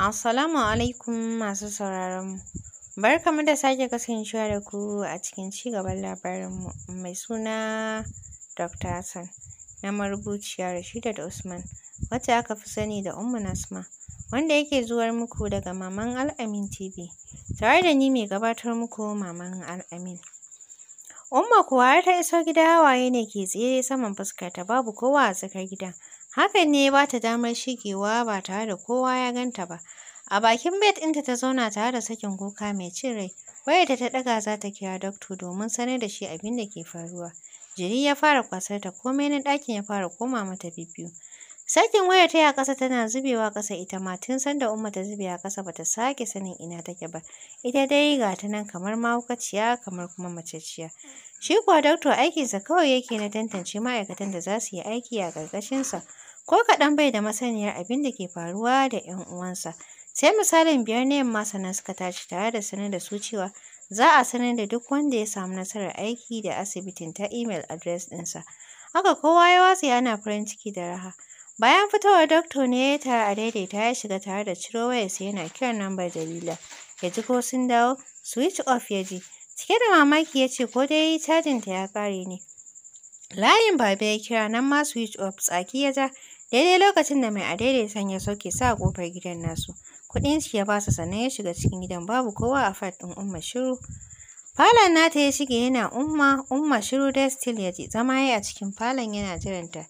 Assalamu alaikum masu sauraronmu. Barkamu da sake kasancewa da ku a cikin ci cigaban labarinmu mai suna Dr. Hassan na marubuciya da Usman wacce aka fi sani da Ummu Nasma wanda yake zuwar muku daga Maman Al'amin TV tare da ni mai gabatar muku Maman Al'amin. Umma kuwa har ta iso gida waye ne ke tsere saman fuskarta babu kowa a tsakar gida. Hakan ne ya ba ta damar shigewa ba tare da kowa ya ganta ba. A bakin bed ɗinta ta zauna tare da sakin kuka mai cin rai. Wayarta ta ɗaga za ta kira doctor domin sanar da shi abin da ke faruwa. Jiri ya fara kwasar ta komai na ɗakin ya fara koma mata bibbiyu. Sakin wayar ta ya ƙasa tana zubewa ƙasa ita ma tun sanda Umma ta zube a ƙasa bata sake sanin ina take ba. Ita dai ga ta nan kamar mahaukaciya kamar kuma maceciya. Shi kuwa doctor aikinsa kawai yake na tantance ma'aikatan da za su yi aiki a ƙarƙashinsa. Ko kaɗan bai da masaniyar abin da ke faruwa da 'yan uwansa. Sai misalin biyar na yamma sannan suka tashi tare da sanar da su cewa za a sanar da duk wanda ya samu nasarar aiki da asibitin ta email address ɗinsa. Haka kowa ya watsi ana farin ciki da raha. Bayan fitowar Doctor ne ya tara a daidaita ya shiga tare da ciro wayarsa yana kiran lambar Jalila. Ya ji ko sun dawo, switch off ya ji. Cike da mamaki ya ce ko dai cajin ta ya kare ne. Layin Baba ya kira nan ma switch off tsaki ya ja daidai lokacin da mai adaidaitan ya sauke sa kofar gidan nasu. Kuɗin shi ya basa sannan ya shiga cikin gidan babu kowa a fat ɗin Umma shiru. Falon nata ya shige yana Umma, Umma shiru dai still ya ji zama yayi a cikin falon yana jiranta.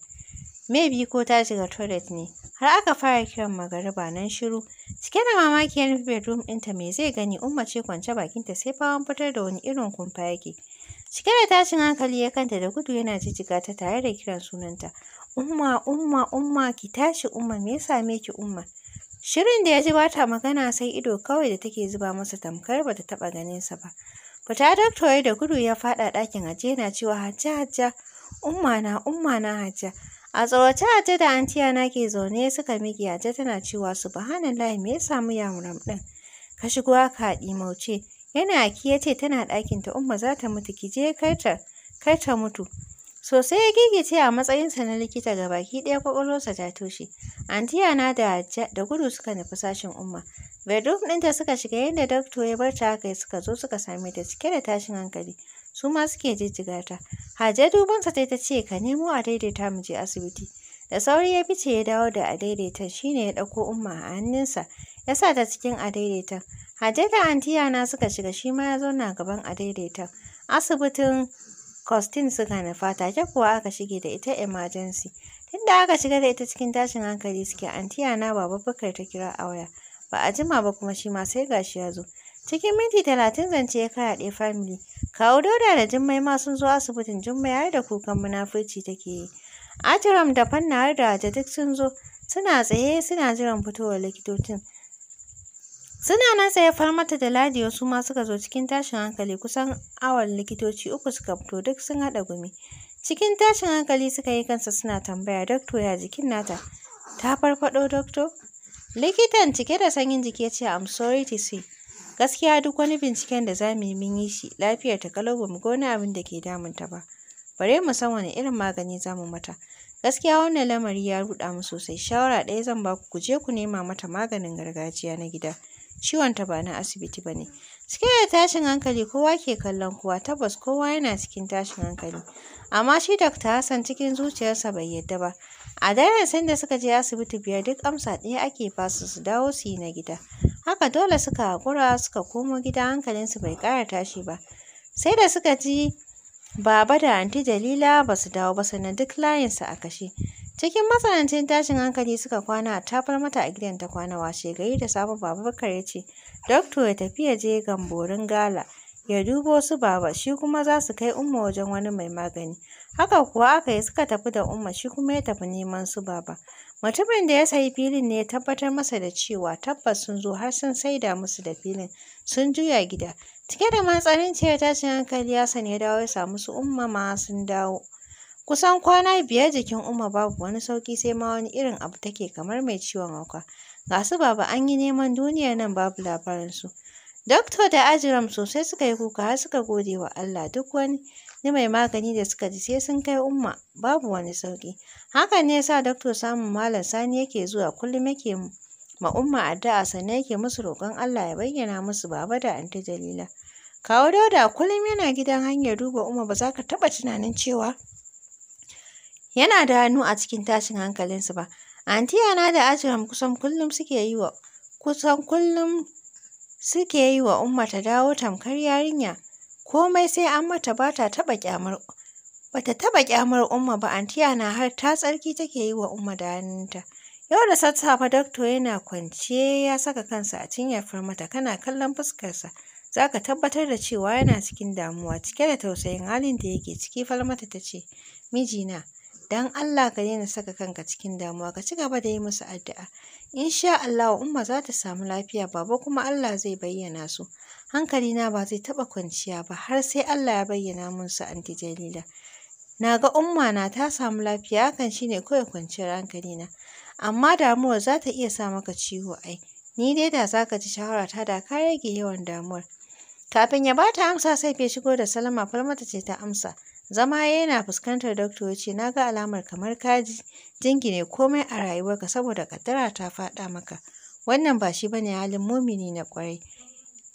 maybe ko ta shiga toilet ne har aka fara kiran magariba nan shiru cike da mamaki ya nufi bedroom ɗinta me zai gani umma ce kwance bakinta sai fawon fitar da wani irin kumfa yake cike da tashin hankali ya kanta da gudu yana jijjiga ta tare da kiran sunanta umma umma umma ki tashi umma me ya same ki umma shirin da ya ji bata magana sai ido kawai da take zuba masa tamkar ba ta taɓa ganinsa ba fita doctor da gudu ya faɗa ɗakin ajiye yana cewa hajja hajja umma na umma na hajja A a Aja da antiya na ke zaune suka a Hajja tana cewa su ba subhanallahi me ya samu yamuram ɗin. Ka shigo aka haɗi mauce. Yana aki ya ce tana ta Umma za ta mutu ki je kai ta mutu. Sosai ya gigice a matsayinsa na likita ga baki ɗaya kwakwalwarsa ta toshe. Antiya na da da gudu suka nufi sashen Umma. Bedroom ɗinta suka shiga yadda dakto ya bar ta haka suka zo suka same ta cike da tashin hankali. su ma suke jijjiga ta. Hajiya dubansa ta ta ce ka nemo a daidaita mu je asibiti. Da sauri ya fice ya dawo da a daidaita shine ya ɗauko umma a hannunsa ya sa ta cikin a daidaita. Hajiya da antiya na suka shiga shi ma ya zauna gaban a daidaita. Asibitin Kostin suka nufa take kuwa aka shige da ita emergency. Tunda aka shiga da ita cikin tashin hankali suke antiya na baba Bukar ta kira a waya. Ba a jima ba kuma shi ma sai gashi ya zo. Cikin minti talatin zance ya karaɗe family. Kawo Dauda da Jummai ma sun zo asibitin Jummai har da kukan munafurci take yi. Atiram da Fanna har da Hajja duk sun zo suna tsaye suna jiran fitowar likitocin. Suna nan tsaye farmata da ladi wasu ma suka zo cikin tashin hankali kusan awon likitoci uku suka fito duk sun haɗa gumi. Cikin tashin hankali suka yi kansa suna tambaya dokto ya jikin nata. Ta farfaɗo dokto? Likitan cike da sanyin jiki ya ce I'm sorry to say. Gaskiya duk wani binciken da za mu yi mun yi shi lafiyar ta kalau ba mu wani abin da ke damun ta ba. Bare mu san wani irin magani za mu mata. Gaskiya wannan lamari ya ruɗa mu sosai. Shawara ɗaya zan ba ku ku je ku nema mata maganin gargajiya na gida. Ciwon ta ba na asibiti ba ne. Cikin da tashin hankali kowa ke kallon kowa tabbas kowa yana cikin tashin hankali. Amma shi Dr. Hassan cikin zuciyarsa bai yadda ba. A daren sanda suka je asibiti biyar duk amsa ɗaya ake basu su dawo su yi na gida. haka dole suka haƙura suka komo gida hankalinsu bai ƙara tashi ba sai da suka ji baba da anti jalila ba su dawo ba sannan duk layinsu a kashe cikin matsanancin tashin hankali suka kwana a tafar mata a gidan ta kwana washe gari da sabon bakar ya ce doctor ya tafi ya je gamborin gala ya dubo su baba shi kuma za su kai umma wajen wani mai magani haka kuwa aka yi suka tafi da umma shi kuma ya tafi neman su baba mutumin da ya sayi filin ne ya tabbatar masa da cewa tabbas sun zo har sun saida musu da filin sun juya gida cike da matsalin ya tashin hankali ya ya dawo ya samu su umma ma sun dawo kusan kwana biyar jikin umma babu wani sauki sai ma wani irin abu take kamar mai ciwon hauka ga su baba an yi neman duniya nan babu labarinsu Dokto da Ajiram sosai suka yi kuka har suka gode wa Allah duk wani ni mai magani da suka ji sai sun kai umma babu wani sauki. Hakan ne sa dokto samun malam Sani yake zuwa kullum yake ma umma addu'a sannan yake musu roƙon Allah ya bayyana musu baba da anti Jalila. Kawo Dauda kullum yana gidan hanyar duba umma ba za ka taɓa tunanin cewa yana da hannu a cikin tashin hankalinsu ba. Anti da Ajiram kusan kullum suke yi wa kusan kullum suke yi wa Umma ta dawo tamkar yarinya, komai sai an mata ba ta taɓa ƙyamar. Ba ta taɓa ƙyamar Umma ba, antiya na har ta tsarki take yi wa Umma da hannunta. Yau da sassafe dokto yana kwance ya saka kansa a cinyar farmata kana kallon fuskarsa. Za ka tabbatar da cewa yana cikin damuwa cike da tausayin halin da yake ciki falmata ta ce, Mijina, don Allah ka daina saka kanka cikin damuwa ka ci gaba da yi musu addu'a insha Allah umma za ta samu lafiya baba kuma Allah zai bayyana su hankalina ba zai taba kwanciya ba har sai Allah ya bayyana mun su anti Jalila na ga umma na ta samu lafiya hakan shine kawai kwanciyar hankali na. amma damuwar za ta iya sa maka ciwo ai ni dai da za ka shawara ta da ka rage yawan damuwar kafin ya bata amsa sai bai shigo da salama falmata ce ta amsa Zama yana fuskantar Doctor ya ce, Na ga alamar kamar ka jingine komai a rayuwarka saboda kaddara ta faɗa maka. Wannan ba shi bane halin mumini na kwarai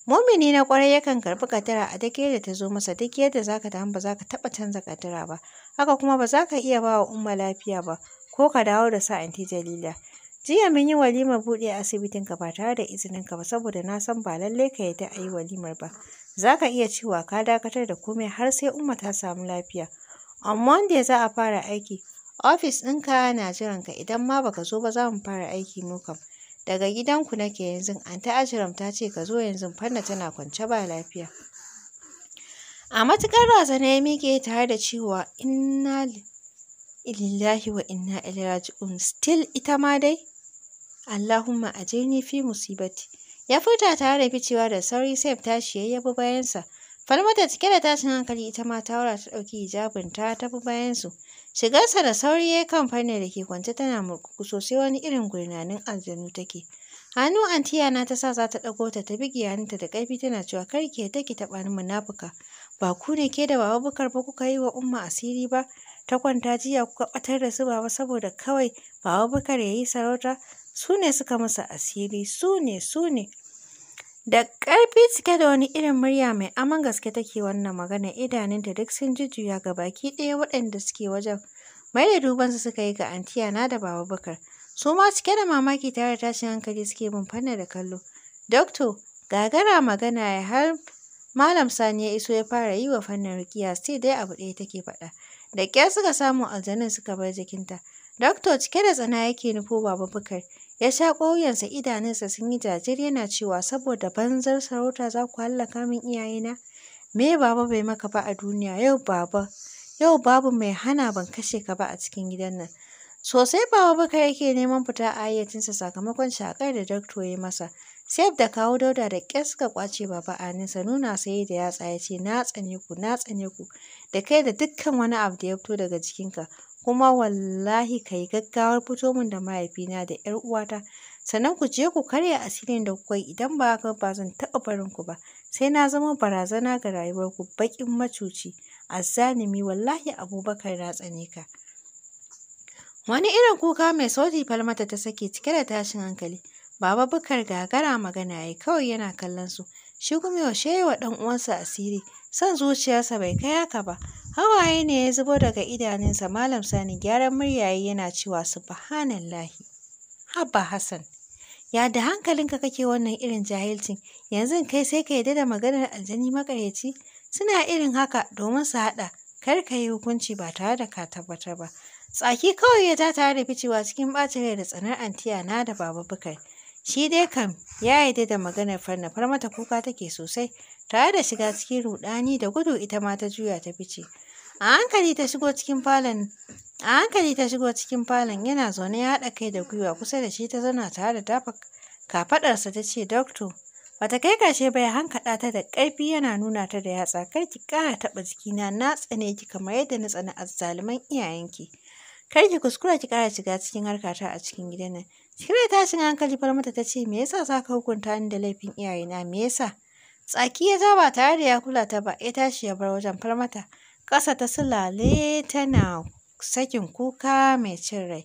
Mumini na ƙwarai yakan karbi kaddara a duk yadda ta zo masa duk yadda za ka damu ba za ka taɓa canza kaddara ba. Haka kuma ba za ka iya ba wa umma lafiya ba ko ka dawo da sa anti Jalila. Jiya mun yi walimar buɗe asibitinka ba tare da izininka ba saboda na san ba lallai ka yarda a yi walimar ba. za ka iya cewa ka dakatar da komai har sai Umma ta samu lafiya. On Monday za a fara aiki. Ofis ɗinka na jiranka idan ma baka zo ba za mu fara aiki mu kam. Daga gidanku nake yanzu, ta Ajiram ta ce ka zo yanzu fanna tana kwance ba lafiya. A matuƙar razana ya miƙe tare da cewa inna lillahi wa inna ilaihi raji'un still ita ma dai Allahumma ajini fi musibati. Ya furta tare da ficewa da sauri Saif tashi ya bi bayansa. Falmata cike da tashin hankali ita ma ta wura ta ɗauki hijabin ta ta bi bayansu. Shigarsa da sauri ya kan da ke kwance tana murkuku sosai wani irin gurnanin aljanu take. Hannu antiya na ta sa za ta ɗago ta ta bigi hannunta da ƙarfi tana cewa kar ke yadda taɓa ni munafuka. Ba ku ne ke da baba bukar ba kuka yi wa umma asiri ba ta kwanta jiya kuka ɓatar da su ba saboda kawai baba bukar ya yi sarauta su ne suka masa asiri, su ne, su ne. Da ƙarfi cike da wani irin murya mai aman gaske take wannan magana idanunta duk sun jujjuya ga baki ɗaya waɗanda suke wajen. Mai da dubansu suka yi ga antiyana da baba bakar. Su ma cike da mamaki tare da tashin hankali suke bin fanna da kallo. Dokto, gagara magana ya har Malam Sani ya iso ya fara yi wa fannin rukiya sai dai abu ɗaya take faɗa. Da ƙyar suka samu aljanin suka bar jikinta. Dokto cike da tsana yake nufo baba bakar. Ya sha ƙauyensa idanunsa sun yi jajir yana cewa saboda banzar sarauta za ku hallaka min iyayena? Me baba bai maka ba a duniya yau baba yau babu mai hana ban kashe ka ba a cikin gidan nan. Sosai baba baka yake neman fita a ayyacinsa sakamakon shakar da dakto ya masa. Sayar da kawo dauda da ƙyar kwace ƙwace baba nisa nuna sai da yatsa ya ce na tsane ku na tsane ku da kai da dukkan wani abu da ya fito daga jikinka kuma wallahi ka yi gaggawar fito min da mahaifina da 'yar uwata sannan ku je ku karya asirin da kuka yi idan ba haka ba zan taɓa barin ku ba sai na zama barazana ga rayuwar ku baƙin macuci azzalimi wallahi abubakar na tsane ka wani irin kuka mai sauti falmata ta sake cike da tashin hankali baba bukar gagara magana ya kawai yana kallon su shi kuma yaushe wa ɗan uwansa asiri San zuciyarsa bai kai haka ba Hawaye ne ya zubo daga idanunsa Malam Sani gyaran Muryayi, yana cewa subhanallahi. Habba Hassan, ya da hankalinka kake wannan irin jahilcin yanzu kai sai ka yadda da maganar aljani makareci suna irin haka domin su haɗa kar ka yi hukunci ba tare da ka tabbatar ba. Tsaki kawai ya ta tare da ficewa cikin ɓacin rai da tsanar antiya na da baba bukar. Shi dai kam ya yarda da maganar far mata kuka take sosai tare da shiga cikin ruɗani da gudu ita ma ta juya ta fice. a hankali ta shigo cikin falon a hankali ta shigo cikin falon yana zaune ya haɗa kai da gwiwa kusa da shi ta zauna tare da tafa kafaɗarsa ta ce doctor bata kai kashe ba ya hankaɗa ta da ƙarfi yana nuna ta da yatsa kar ki ƙara taɓa jikina na tsane ki kamar yadda na tsani azzaluman iyayenki kar ki kuskura ki ƙara shiga cikin harkata a cikin gidan nan cikin tashin hankali far mata ta ce me yasa za ka hukunta ni da laifin iyayena me yasa tsaki ya ja ba tare da ya kula ta ba ya tashi ya bar wajen far mata ƙasa ta sulale tana sakin kuka mai cin rai.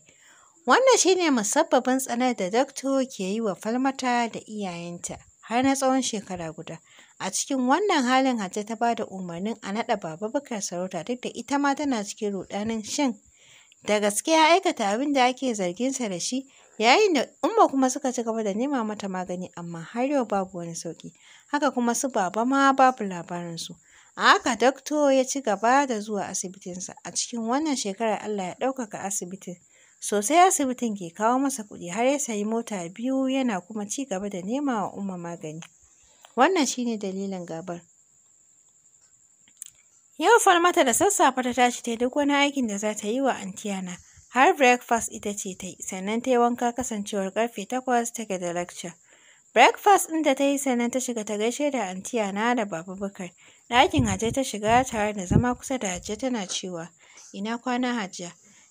Wannan shine musabbabin tsanar da dakto ke yi wa falmata da iyayenta har na tsawon shekara guda. A cikin wannan halin Hajji ta bada umarnin a naɗa Baba Bakar sarauta duk da ita ma tana cikin ruɗanin shin da gaske ya aikata abin da ake zarginsa da shi yayin da umma kuma suka ci gaba da nema mata magani amma har yau babu wani sauki haka kuma su baba ma babu labarinsu A haka Dakto ya ci gaba da zuwa asibitinsa. A cikin wannan shekarar Allah ya ɗaukaka asibitin. Sosai asibitin ke kawo masa kuɗi har ya sayi mota biyu yana kuma ci gaba da nema wa Umma magani. Wannan shi ne dalilin gabar. Yau farmata da sassafe ta tashi ta duk wani aikin da za ta yi wa Antiyana. Har breakfast ita ce ta yi, sannan ta yi wanka kasancewar karfe takwas take da lecture. Breakfast ɗin da ta yi sannan ta shiga ta gaishe da Antiyana da Babu Bukar. Ɗakin Hajiya ta shiga tare da zama kusa da Hajiya tana cewa, "Ina kwana Hajiya?"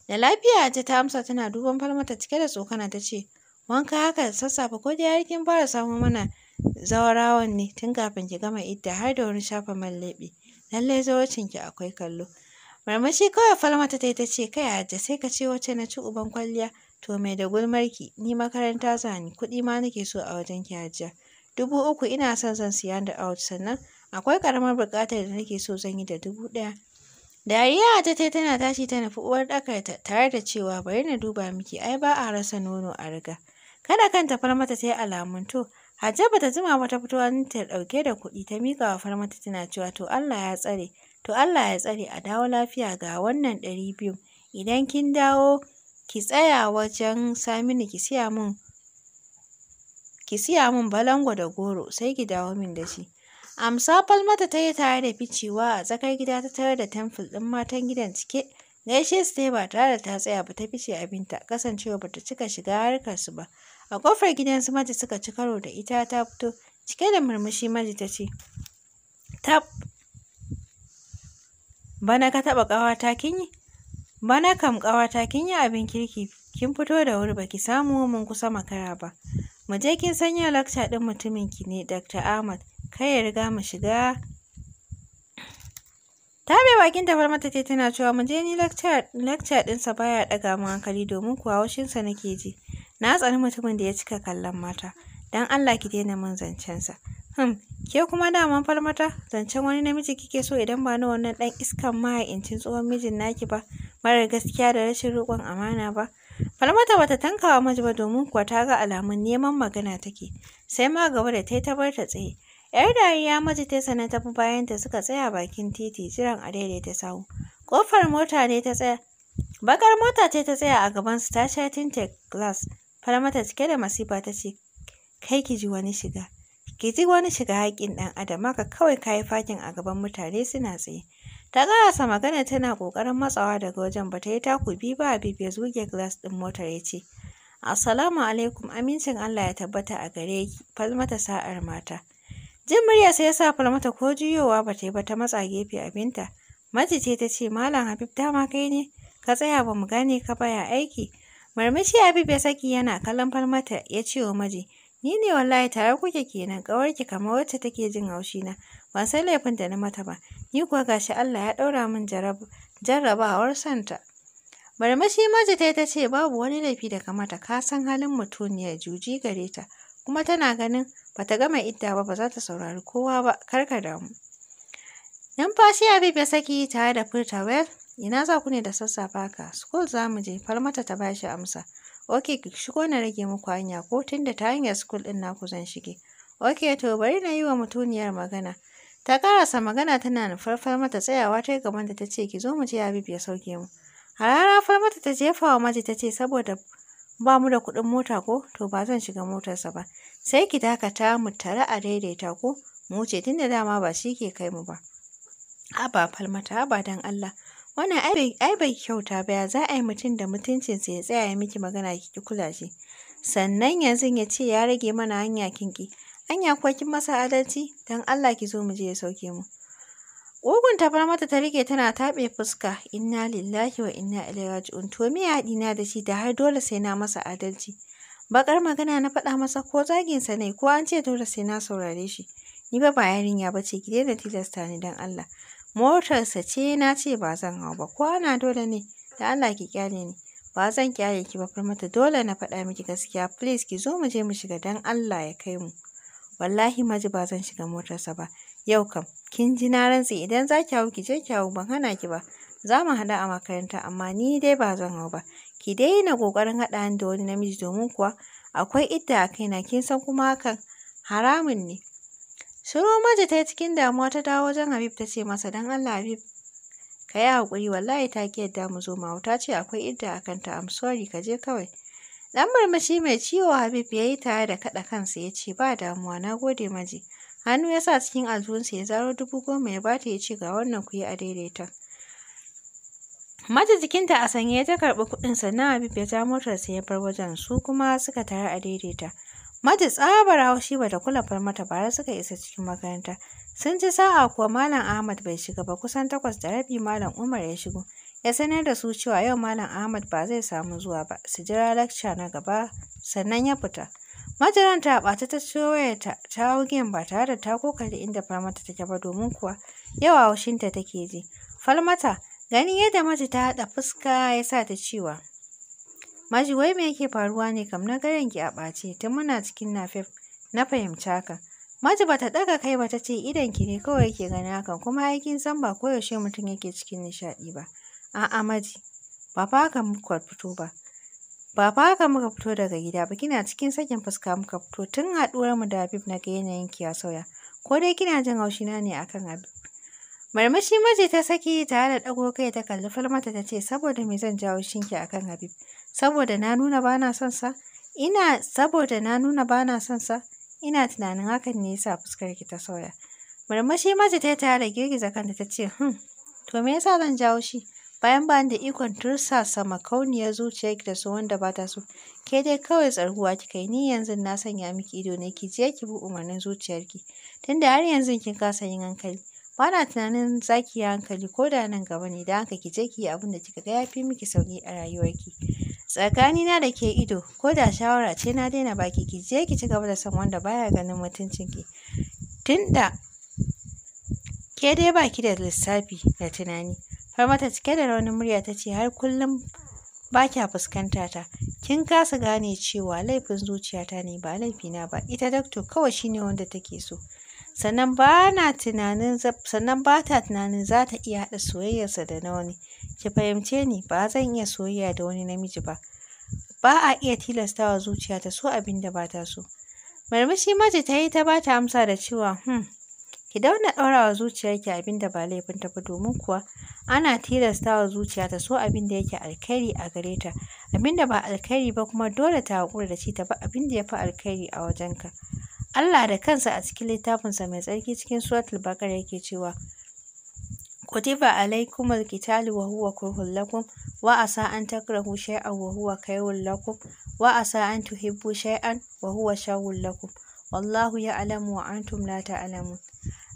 Da lafiya Hajiya ta amsa tana duban Falmata cike da tsokana ta ce, "Wanka haka sassafe ko da har kin fara samu mana zawarawan ne tun kafin ki gama idda har da wani shafa man leɓe. Lallai ki akwai kallo." Marmashi kawai Falmata ta yi ta ce, "Kai Hajiya sai ka ce wacce na ci uban kwalliya to mai da gulmarki ni makaranta za kuɗi ma nake so a wajen ki, Hajiya. Dubu uku ina son zan siya da out sannan akwai karamar buƙatar da nake so zan yi da dubu ɗaya. Dariya ta tai tana tashi ta fi uwar ɗakarta tare da cewa bari na duba miki ai ba a rasa nono a riga. Kada kanta farmata ta yi alamun to Hajja bata jima mata fitowa, fito ta ɗauke da kuɗi ta miƙa wa farmata tana cewa to Allah ya tsare to Allah ya tsare a dawo lafiya ga wannan ɗari biyu idan kin dawo ki tsaya wajen Saminu ki siya min ki siya min balango da goro sai ki dawo min da shi Amsa falmata ta yi tare da ficewa a tsakar gida ta tare da tamfil ɗin matan gidan cike. Gaishe su ta yi ba tare da ta tsaya ba ta fice abinta kasancewa ba ta cika shiga su ba. A kofar gidan su Maji suka ci karo da ita ta fito cike da murmushi Maji ta ce, Tab, bana ka taɓa ƙawata kin yi? Bana kam ta kin yi abin kirki kin fito da wuri baki samu mun kusa makara ba. Mu je kin sanya lacca ɗin mutumin ki ne Dr. Ahmad kar ya riga mu shiga ta mai bakin da mata ce tana cewa mu je ni lecture ɗinsa baya ɗaga mu hankali domin kuwa sa nake ji na tsani mutumin da ya cika kallon mata dan Allah ki daina min zancensa hmm ke kuma daman falmata zancen wani namiji kike so idan ba na wannan dan iskan mahaincin tsohon mijin naki ba marar gaskiya da rashin roƙon amana ba falmata bata tankawa maji ba domin kuwa ta ga alamun neman magana take sai ma gaba da ta yi ta bar ta tsaye Yar dariya maji ta sanar ta fi bayan ta suka tsaya bakin titi jiran a daidaita sahu. Kofar mota ne ta tsaya. Bakar mota ce ta tsaya a gaban su ta sha tinta glass. Fara mata cike da masifa ta ce, "Kai ki ji wani shiga." Ki ji wani shiga haƙƙin ɗan adam haka kawai kayi fakin a gaban mutane suna tsaye. Ta ƙarasa magana tana ƙoƙarin matsawa daga wajen ba ta yi taku biyu ba a bibiya zuge glass ɗin motar ya ce, "Assalamu alaikum amincin Allah ya tabbata a gare ki, falmata sa'ar mata." Jin murya sai ya sa Falmata ko juyowa ba ta yi ba ta matsa gefe abinta. Maji ce ta ce, Malam Habib dama kai ne, ka tsaya ba mu gane ka baya aiki. Marmashi Habib ya saki yana kallon Falmata ya ce wa Maji, Ni ne wallahi tare kuke kenan ƙawarki kamar wacce take jin haushi na, ban san laifin da na mata ba, ni kuwa gashi Allah ya ɗaura min jarrabawar santa. Marmashi Maji ta ce babu wani laifi da kamata ka san halin mutuniyar juji gare ta. kuma tana ganin ba ta gama idda ba ba za ta saurari kowa ba kar ka damu. Numfashi Habib ya saki tare da furta well ina za ku ne da sassafa ka school za mu je falmata ta bashi amsa. Ok ki shigo na rage muku hanya ko tunda ta hanyar school din naku zan shige. Ok to bari na yi wa mutuniyar magana. Ta karasa magana tana nufarfar mata tsayawa ta yi gaban da ta ce ki zo mu je Habib ya sauke mu. Harara farmata ta jefa wa maji ta ce saboda ba mu da kuɗin mota ko to ba zan shiga motarsa ba sai ki dakata mu tare a daidaita ko mu wuce tunda dama ba shi ke kai mu ba ba falmata ba dan Allah wannan ai bai kyauta ba ya za a yi mutum da mutuncinsa ya tsaya ya miki magana ki ki kula shi sannan yanzu ya ce ya rage mana hanya kinki anya kuwa kin masa adalci dan Allah ki zo mu je ya sauke mu Ƙugun ta bar mata ta rike tana taɓe fuska, inna lillahi wa inna ilaihi raji'un to me ya da shi da har dole sai na masa adalci. Bakar magana na faɗa masa ko zaginsa ne ko an ce dole sai na saurare shi. Ni ba ba yarinya ba ce ki daina tilasta ni dan Allah. Motarsa ce na ce ba zan hau ba ko ana dole ne da Allah ki kyale ni. Ba zan kyale ki ba farmata dole na faɗa miki gaskiya please ki zo mu je mu shiga dan Allah ya kai mu. Wallahi maji ba zan shiga motarsa ba. Yau kam, kin ji na rantse idan za ki hau ki je ki hau ban hana ki ba. Za mu haɗu a makaranta amma ni dai ba zan hau ba. Ki daina ƙoƙarin haɗa ni da wani namiji domin kuwa akwai idda a kaina kin san kuma hakan haramun ne. Shiru Maji ta yi cikin damuwa ta dawo wajen Habib ta ce masa don Allah Habib ka yi haƙuri wallahi ta ki yadda mu zo ma ta ce akwai idda a kanta am sorry ka je kawai. Dan murmushi mai ciwo Habib ya yi tare da kaɗa kansa ya ce ba damuwa na gode Maji. Hannu ya sa cikin aljihunsa ya zaro dubu goma ya bata ya ce ga wannan ku yi a daidaita. Mata jikinta a sanye ta karɓi kuɗin sannan Habib ya ja motarsa ya bar wajen su kuma suka tare a daidaita. Mata tsabar haushi bata kula far mata bara suka isa cikin makaranta. Sun ci sa'a kuwa Malam Ahmad bai shiga ba kusan takwas da rabi Malam Umar ya shigo. Ya sanar da su cewa yau Malam Ahmad ba zai samu zuwa ba, su jira lacca na gaba sannan ya fita. Majalan ta ɓata ta ciro waya ta hau ba tare da ta kokari inda farmata take ba domin kuwa yawa haushinta take ji. Falmata ganin yadda Maji ta haɗa fuska ya sa ta cewa Maji wai me yake faruwa ne kam na garin ki a ɓace tun muna cikin nafef na fahimta ka. Maji bata ɗaga kai ba ta ce idan ki ne kawai yake ganin hakan kuma ai kin san ba koyaushe mutum yake cikin nishaɗi ba. A'a Maji ba fa ka muka fito ba. Ba fa haka muka fito daga gida ba kina cikin sakin fuska muka fito tun haɗuwar mu da Habib na ga yanayin ki ya sauya. Ko dai kina jin haushi na ne akan Habib. Marmashi maji ta saki tare da ɗago kai ta kalli falmata ta ce saboda me zan jawo shinki akan Habib. Saboda na nuna bana son sa. Ina saboda na nuna bana son sa. Ina tunanin hakan ne yasa fuskar ki ta sauya. Marmashi maji ta tare girgiza kanta ta ce, "Hmm, to me yasa zan jawo shi? bayan ba da ikon tursasa makauniyar zuciyarki da su wanda ba ta so. Ke dai kawai tsarguwa kika yi ni yanzu na sanya miki ido ne ki je ki bi umarnin zuciyarki. Tunda har yanzu kin kasa yin hankali. Ba na tunanin za ki yi hankali ko da nan gaba ne da haka ki je ki yi abin da kika ga ya fi miki sauki a rayuwarki. na da ke ido ko da shawara ce na daina baki ki je ki ci gaba da san wanda baya ganin mutuncinki. Tunda ke dai baki da lissafi da tunani. mata cike da raunin murya ta ce har kullum ba kya fuskanta ta. Kin kasa gane cewa laifin zuciyata ne ba laifina ba. Ita dakto kawai shine wanda take so. Sannan ba na tunanin sannan ba ta tunanin za ta iya haɗa soyayyarsa da na wani. Ki fahimce ni ba zan iya soyayya da wani namiji ba. Ba a iya tilastawa zuciya ta so abin da ba ta so. Marmashi maji ta yi ta ba ta amsa da cewa hmm Ki dauna ɗaurawa zuciyarki abin da ba laifin ta domin kuwa ana tilasta wa zuciya ta so abin da yake alkhairi a gare ta, abin da ba alkhairi ba kuma dole ta haƙura da shi ta ba abin da ya fi alkhairi a wajenka. Allah da kansa a cikin littafinsa mai tsarki cikin suratul Baqara yake cewa kutiba alaikumul qitalu wa huwa kurhul lakum wa asa an takrahu shay'an wa huwa khairul lakum wa asa an tuhibbu shay'an wa huwa sharrul lakum wallahu ya'lamu wa antum la ta'lamun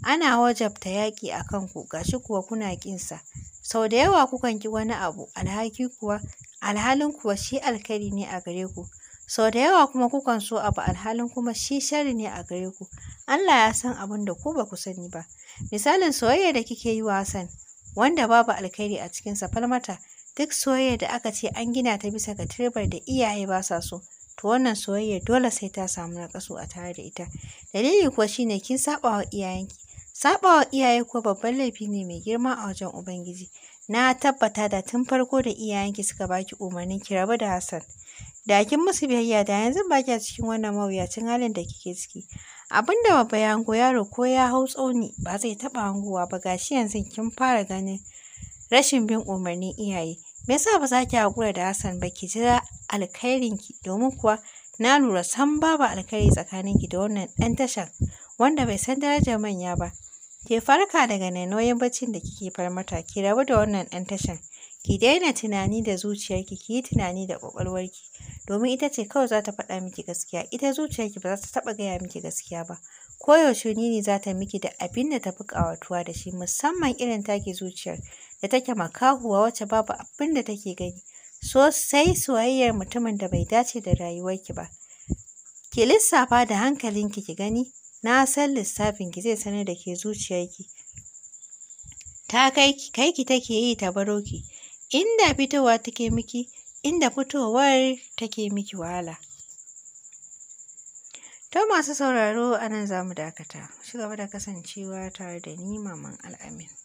ana wajabta yaƙi a kanku shi kuwa kuna ƙinsa sau da yawa kukan ƙi wani abu alhaki kuwa alhalin kuwa shi alkhairi ne a gare ku sau da yawa kuma kukan so abu alhalin kuma shi shari ne a gare ku Allah ya san abin da ku ba ku sani ba misalin soyayya da kike yi wa Hassan wanda babu alkhairi a cikinsa falmata duk soyayya da aka ce an gina ta bisa ga turbar da iyaye ba sa so to wannan soyayya dole sai ta samu na a tare da ita dalili kuwa shine kin saba wa iyayenki Saɓawa iyaye ko babban laifi ne mai girma a wajen Ubangiji. Na tabbata da tun farko da iyayenki suka baki umarnin ki rabu da Hassan. Da kin musu biyayya da yanzu ba a cikin wannan mawuyacin halin da kike ciki. Abin da babba ya hango yaro ko ya hau tsauni ba zai taɓa hangowa ba shi yanzu kin fara ganin rashin bin umarnin iyaye. Me yasa ba za ki haƙura da Hassan ba ki jira alkhairinki domin kuwa na lura san babu alkhairi tsakaninki da wannan ɗan tashar, wanda bai san darajar manya ba. Ke farka daga nanoyin baccin da kike farmata, ki rabu da wannan ɗan tashan. Ki daina tunani da zuciyarki, ki yi tunani da ƙwaƙwalwarki. Domin ita ce kawai za ta faɗa miki gaskiya, ita zuciyarki ba za ta taɓa gaya miki gaskiya ba. Koyaushe ne za ta miki da abin da ta fi ƙawatuwa da shi, musamman irin take zuciyar da take makahuwa wacce babu abin da take gani. Sosai soyayyar mutumin da bai dace da rayuwarki ba. Ki lissafa da hankalinki ki gani Na san lissafin ki zai sanar da ke zuciyarki. Ta kai ki take yi ta baro ki, inda fitowa take miki, inda fitowar take miki wahala. To masu sauraro anan nan za mu dakata. Ci gaba da kasancewa tare da ni Maman Al'amin.